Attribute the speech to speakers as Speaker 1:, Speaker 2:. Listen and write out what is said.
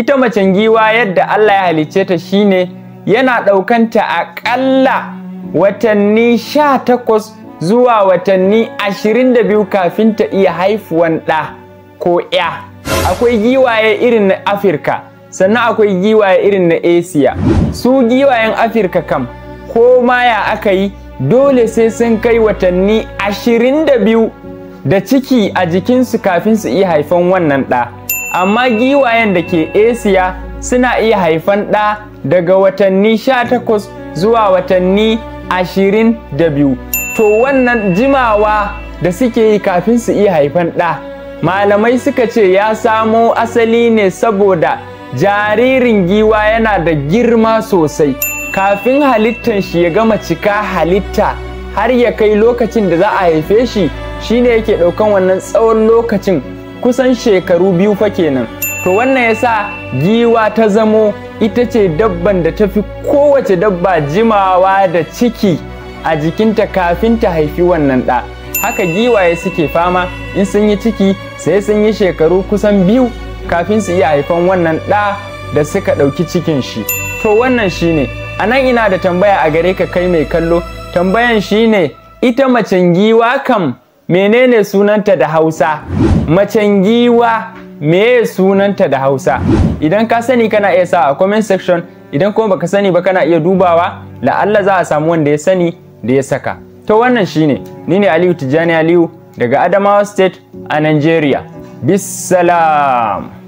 Speaker 1: ita macen giwa yadda Allah ya halicce ta shine yana ɗaukanta aƙalla watanni sha takwas zuwa watanni ashirin da biyu kafin ta iya haifuwan ɗa ko ya. Akwai giwaye irin na Afirka, sannan akwai giwaye irin na Asiya. Su giwayen Afirka kam, ko ma ya aka yi dole sai sun kai watanni ashirin da biyu da ciki a jikinsu kafin su iya haifan wannan ɗa. amma giwayen da ke Asiya suna iya haifan ɗa daga watanni 18 zuwa watanni 22. To wannan jimawa da suke yi kafin su iya haifan ɗa. Malamai suka ce ya samo asali ne saboda jaririn giwa yana da girma sosai. Kafin halittan shi ya gama cika halitta har ya kai lokacin da za a haife shi shi ne yake ɗaukan wannan tsawon lokacin kusan shekaru biyu fa kenan to wannan ya sa giwa ta zamo ita ce dabban da ta fi kowace dabba jimawa da ciki a jikinta kafin ta haifi wannan ɗa haka giwaye suke fama in sun yi ciki sai sun yi shekaru kusan biyu kafin su iya haifan wannan ɗa da suka ɗauki cikin shi to wannan shi ne, a nan ina da tambaya a gare ka kai mai kallo tambayan shi ne ita macen giwa kam menene sunanta da hausa macen giwa meye sunanta da hausa idan ka sani kana iya sa a comment section idan kuma baka sani ba kana iya dubawa allah za a samu wanda ya sani da ya saka to wannan shine ni ne aliyu tijjani aliyu daga adamawa state a nigeria bisalam